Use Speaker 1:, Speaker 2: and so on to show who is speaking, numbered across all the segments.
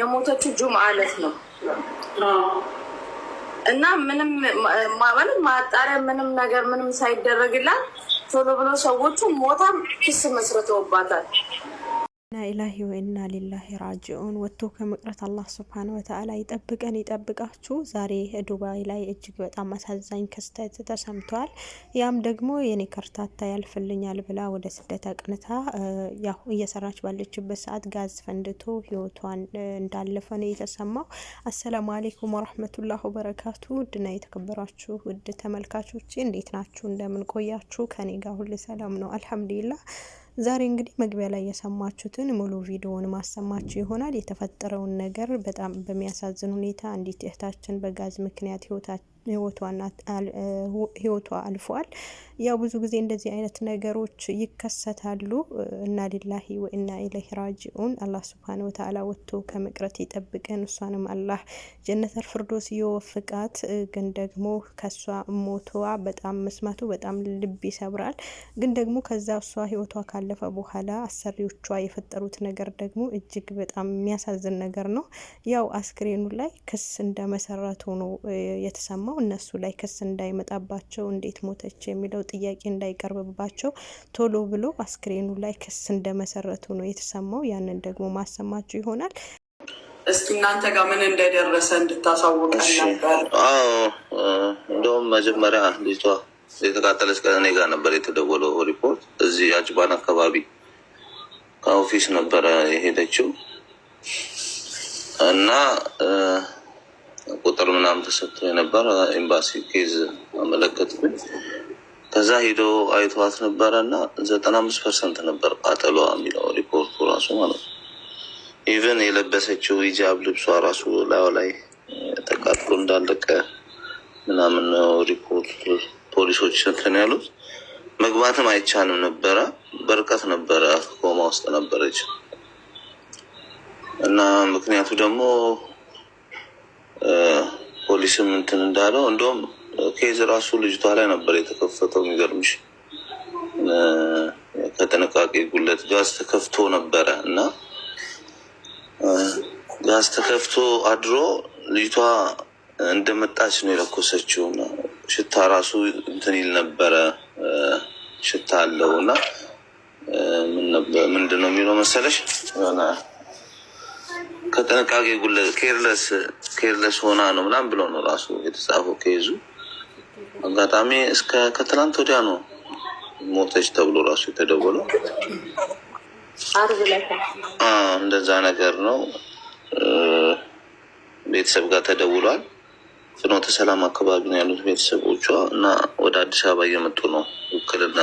Speaker 1: የሞተችው እጁ አለት ነው እና ምንም ማለት ማጣሪያ ምንም ነገር ምንም ሳይደረግላት ቶሎ ብሎ ሰዎቹ ሞታም ክስ መስርተውባታል። ኢላሂ ወኢና ሊላሂ ራጅዑን ወጥቶ ከመቅረት አላህ ስብሓን ወተዓላ ይጠብቀን ይጠብቃችሁ። ዛሬ ዱባይ ላይ እጅግ በጣም አሳዛኝ ክስተት ተሰምቷል። ያም ደግሞ የኔ ከርታታ ያልፍልኛል ብላ ወደ ስደት አቅንታ ያው እየሰራች ባለችበት ሰዓት ጋዝ ፈንድቶ ህይወቷን እንዳለፈ ነው የተሰማው። አሰላሙ አሌይኩም ወረህመቱላሁ በረካቱ ውድና የተከበራችሁ ውድ ተመልካቾች እንዴት ናችሁ? እንደምን ቆያችሁ? ከኔ ጋር ሁል ሰላም ነው አልሐምዱሊላህ ዛሬ እንግዲህ መግቢያ ላይ የሰማችሁትን ሙሉ ቪዲዮውን ማሰማችሁ ይሆናል። የተፈጠረውን ነገር በጣም በሚያሳዝን ሁኔታ አንዲት እህታችን በጋዝ ምክንያት ህይወታችን ህይወቷ አልፏል። ያው ብዙ ጊዜ እንደዚህ አይነት ነገሮች ይከሰታሉ። እና ሊላሂ ወኢና ኢለይሂ ራጂኡን። አላህ ሱብሃነሁ ወተዓላ ወጥቶ ከመቅረት ይጠብቀን። እሷንም አላህ ጀነተል ፊርዶስ የወፍቃት። ግን ደግሞ ከእሷ ሞቷ በጣም መስማቱ በጣም ልብ ይሰብራል። ግን ደግሞ ከዛ እሷ ህይወቷ ካለፈ በኋላ አሰሪዎቿ የፈጠሩት ነገር ደግሞ እጅግ በጣም የሚያሳዝን ነገር ነው። ያው አስክሬኑ ላይ ክስ እንደመሰረቱ ነው የተሰማው። የሰማው እነሱ ላይ ክስ እንዳይመጣባቸው እንዴት ሞተች የሚለው ጥያቄ እንዳይቀርብባቸው ቶሎ ብሎ አስክሬኑ ላይ ክስ እንደመሰረቱ ነው የተሰማው። ያንን ደግሞ ማሰማችሁ ይሆናል።
Speaker 2: እስቲ እናንተ ጋር ምን እንደደረሰ እንድታሳውቅ ነበር።
Speaker 3: እንደውም መጀመሪያ ልጅቷ የተቃጠለች ከኔ ጋር ነበር የተደወለው ሪፖርት። እዚህ አጅባን አካባቢ ከኦፊስ ነበረ የሄደችው እና ቁጥር ምናምን ተሰጥቶ የነበረ ኤምባሲ ኬዝ አመለከትኩኝ። ከዛ ሂዶ አይተዋት ነበረ እና ዘጠና አምስት ፐርሰንት ነበር ቃጠሏ የሚለው ሪፖርቱ ራሱ ማለት ነው። ኢቨን የለበሰችው ሂጃብ ልብሷ ራሱ ላዩ ላይ ተቃጥሎ እንዳለቀ ምናምን ነው ሪፖርት ፖሊሶች እንትን ያሉት። መግባትም አይቻልም ነበረ። በርቀት ነበረ፣ ኮማ ውስጥ ነበረች እና ምክንያቱ ደግሞ ፖሊስም እንትን እንዳለው እንደውም ኬዝ ራሱ ልጅቷ ላይ ነበር የተከፈተው። የሚገርምሽ ከጥንቃቄ ጉለት ጋዝ ተከፍቶ ነበረ እና ጋዝ ተከፍቶ አድሮ ልጅቷ እንደመጣች ነው የለኮሰችው። ሽታ ራሱ እንትን ይል ነበረ ሽታ አለው እና ምንድን ነው የሚለው መሰለሽ ከጥንቃቄ ጉለት ኬርለስ ኬርለስ ሆና ነው ምናም ብሎ ነው ራሱ የተጻፈው። ከይዙ አጋጣሚ እስከ ከትላንት ወዲያ ነው ሞተች ተብሎ ራሱ የተደወለው። እንደዛ ነገር ነው። ቤተሰብ ጋር ተደውሏል። ፍኖተ ሰላም አካባቢ ነው ያሉት ቤተሰቦቿ እና ወደ አዲስ አበባ እየመጡ ነው ውክልና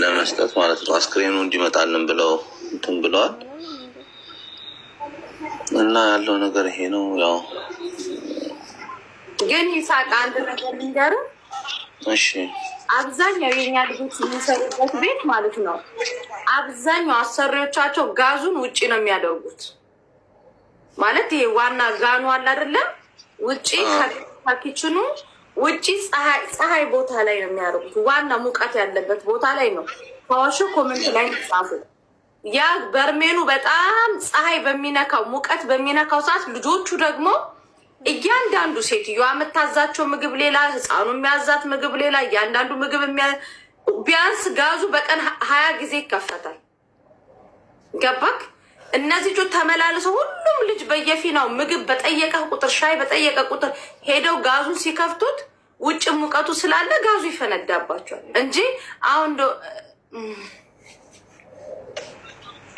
Speaker 3: ለመስጠት ማለት ነው። አስክሬኑ እንዲመጣልን ብለው እንትን ብለዋል። እና ያለው ነገር ይሄ ነው። ያው
Speaker 1: ግን ይሳቅ አንድ ነገር ልንገርህ። እሺ አብዛኛው የኛ ልጆች የሚሰሩበት ቤት ማለት ነው፣ አብዛኛው አሰሪዎቻቸው ጋዙን ውጭ ነው የሚያደርጉት። ማለት ይሄ ዋና ጋኑ አለ አይደለም፣ ውጭ ከኪችኑ ውጭ ፀሐይ ቦታ ላይ ነው የሚያደርጉት። ዋና ሙቀት ያለበት ቦታ ላይ ነው። ከዋሹ ኮመንት ላይ ጻፉ። ያ በርሜኑ በጣም ፀሐይ በሚነካው ሙቀት በሚነካው ሰዓት ልጆቹ ደግሞ እያንዳንዱ ሴትዮዋ የምታዛቸው ምግብ ሌላ፣ ህፃኑ የሚያዛት ምግብ ሌላ፣ እያንዳንዱ ምግብ ቢያንስ ጋዙ በቀን ሀያ ጊዜ ይከፈታል። ገባክ? እነዚህ ልጆች ተመላልሰው ሁሉም ልጅ በየፊናው ምግብ በጠየቀ ቁጥር ሻይ በጠየቀ ቁጥር ሄደው ጋዙን ሲከፍቱት ውጭ ሙቀቱ ስላለ ጋዙ ይፈነዳባቸዋል እንጂ አሁን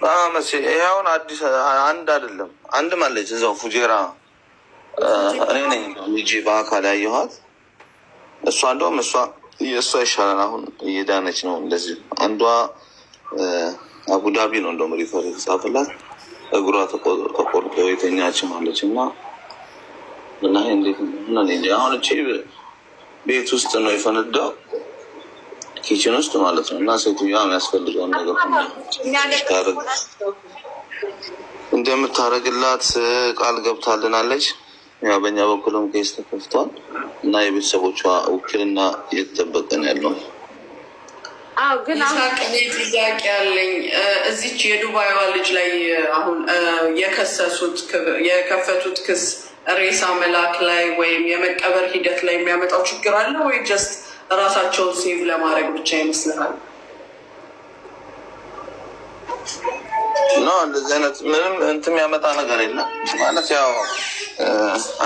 Speaker 3: ይኸውን አዲስ አንድ አይደለም አንድ አለች እዛው ፉጀራ እኔ ነኝ ልጅ በአካል ያየኋት። እሷ እንደውም እሷ የእሷ ይሻላል አሁን እየዳነች ነው። እንደዚህ አንዷ አቡዳቢ ነው እንደውም ሪፈር የተጻፈላት እግሯ ተቆርጦ የተኛች ማለች እና እና እንዴት ሆነ አሁን እቺ ቤት ውስጥ ነው የፈነዳው ኪችን ውስጥ ማለት ነው። እና ሴትዮዋ የሚያስፈልገውን ነገር እንደምታደርግላት ቃል ገብታልናለች። ያው በእኛ በኩልም ኬስ ተከፍቷል እና የቤተሰቦቿ ውክልና እየተጠበቀን ያለው
Speaker 2: ግን ጥያቄ ያለኝ እዚች የዱባይዋ ልጅ ላይ አሁን የከሰሱት የከፈቱት ክስ ሬሳ መላክ ላይ ወይም የመቀበር ሂደት ላይ የሚያመጣው ችግር አለ ወይ ጀስት ራሳቸውን ሴቭ ለማድረግ ብቻ ይመስልሃል?
Speaker 3: ነው እንደዚህ አይነት ምንም እንትም ያመጣ ነገር የለም። ማለት ያው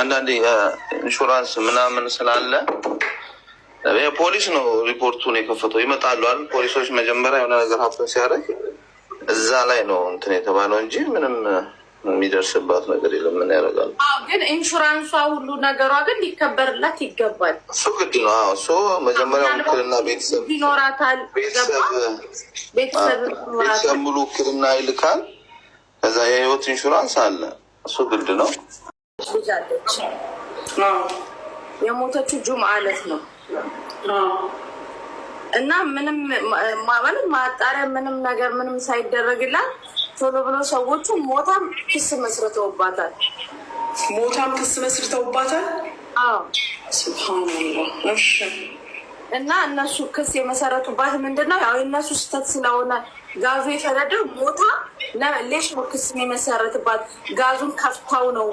Speaker 3: አንዳንዴ ኢንሹራንስ ምናምን ስላለ ፖሊስ ነው ሪፖርቱን የከፈተው። ይመጣሉ አይደል ፖሊሶች፣ መጀመሪያ የሆነ ነገር ሀብትን ሲያደርግ እዛ ላይ ነው እንትን የተባለው እንጂ ምንም የሚደርስባት ነገር የለም። ምን ያደርጋል? ግን ኢንሹራንሷ ሁሉ ነገሯ ግን ሊከበርላት ይገባል። እሱ ግድ ነው። እሱ መጀመሪያ ውክልና ቤተሰብ ይኖራታል። ቤተሰብ ሙሉ ውክልና ይልካል። ከዛ የህይወት ኢንሹራንስ አለ። እሱ ግድ ነው። ልጃለች የሞተችው ጁም አለት ነው እና ምንም ማለት ማጣሪያ ምንም ነገር ምንም ሳይደረግላት ቶሎ ብሎ ሰዎቹ ሞታም ክስ መስርተውባታል። ሞታም ክስ መስርተውባታል። እና እነሱ ክስ የመሰረቱባት ምንድን ነው? ያው የእነሱ ስህተት ስለሆነ ጋዙ የተረደው ሞታ ሌሽ ነው ክስ የመሰረትባት። ጋዙን ከፍታው ነው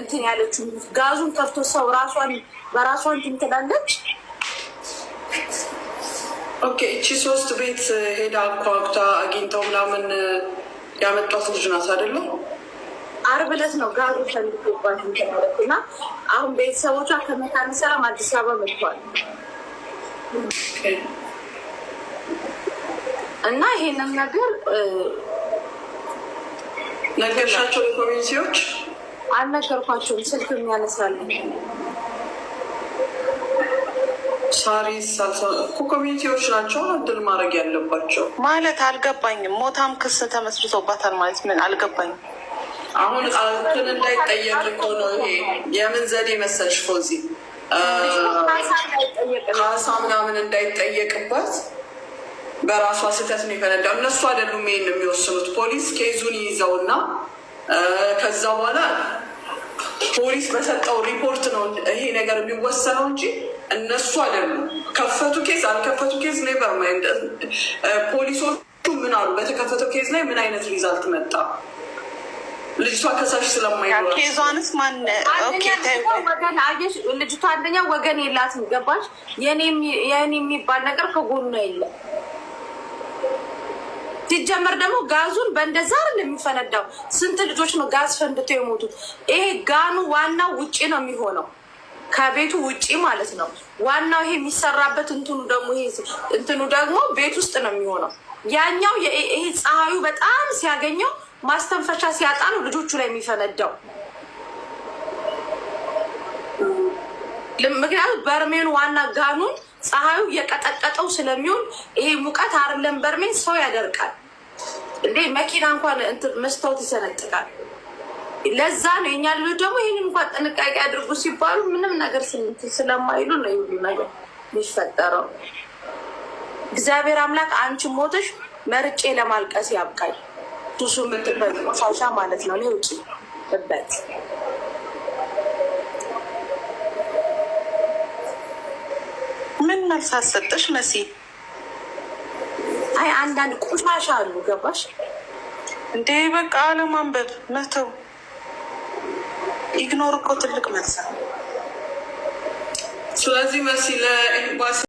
Speaker 3: እንትን ያለችው። ጋዙን ከፍቶ ሰው ራሷን በራሷ እንትን ትላለች። ኦኬ እቺ ሶስት ቤት ሄዳ አኳኩታ አግኝተው ምናምን ያመጧት ልጅ ናት አይደለ? አርብ ዕለት ነው ጋሩ ከሚባት ማለት እና አሁን ቤተሰቦቿ ከመካነ ሰላም አዲስ አበባ መጥቷል እና ይሄንን ነገር ነገርሻቸው ለኮሚኒቲዎች አልነገርኳቸውም። ስልክ የሚያነሳለን ሳሪ እኮ ኮሚኒቲዎች ናቸው እድል ማድረግ ያለባቸው ማለት አልገባኝም። ሞታም ክስ ተመስርቶባታል ማለት ምን አልገባኝም። አሁን እንትን እንዳይጠየቅ እኮ ነው ይሄ የምን ዘዴ መሰልሽ ፎዚ ካሳ ምናምን እንዳይጠየቅባት በራሷ ስህተት ነው የፈነዳው። እነሱ አይደሉም ይሄን የሚወስኑት። ፖሊስ ኬዙን ይይዘውና ከዛ በኋላ ፖሊስ በሰጠው ሪፖርት ነው ይሄ ነገር የሚወሰነው እንጂ እነሱ አይደሉም። ከፈቱ ኬዝ አልከፈቱ ኬዝ ኔቨር ማይንድ። ፖሊሶቹ ምን አሉ? በተከፈተው ኬዝ ላይ ምን አይነት ሪዛልት መጣ? ልጅቷ ከሳሽ ስለማይኖራት ኬዟንስ ማን ወገን አየሽ? ልጅቷ አንደኛ ወገን የላትም ገባሽ? የኔ የሚባል ነገር ከጎኗ የለም። ሲጀመር ደግሞ ጋዙን በእንደዛ የሚፈነዳው ስንት ልጆች ነው ጋዝ ፈንድቶ የሞቱት? ይሄ ጋኑ ዋናው ውጪ ነው የሚሆነው ከቤቱ ውጪ ማለት ነው። ዋናው ይሄ የሚሰራበት እንትኑ ደግሞ ይሄ እንትኑ ደግሞ ቤት ውስጥ ነው የሚሆነው። ያኛው ይሄ ፀሐዩ በጣም ሲያገኘው ማስተንፈሻ ሲያጣ ነው ልጆቹ ላይ የሚፈነዳው። ምክንያቱም በርሜን ዋና ጋኑን ፀሐዩ የቀጠቀጠው ስለሚሆን ይሄ ሙቀት አይደለም በርሜን ሰው ያደርቃል። እንዴ መኪና እንኳን መስታወት ይሰነጥቃል። ለዛ ነው የኛ ልጆች ደግሞ ይህን እንኳን ጥንቃቄ አድርጉ ሲባሉ ምንም ነገር ስለማይሉ ነው ይሉ ነገር የሚፈጠረው። እግዚአብሔር አምላክ አንቺ ሞተሽ መርጬ ለማልቀስ ያብቃኝ። ሱሱ የምትበል ቆሻሻ ማለት ነው። ውጭ እበት ምን መልስ አሰጠሽ መሲ? አይ አንዳንድ ቆሻሻ አሉ። ገባሽ እንዴ? በቃ አለማንበብ መተው። ኢግኖር እኮ ትልቅ መልስ። ስለዚህ መሲ ለኤምባሲ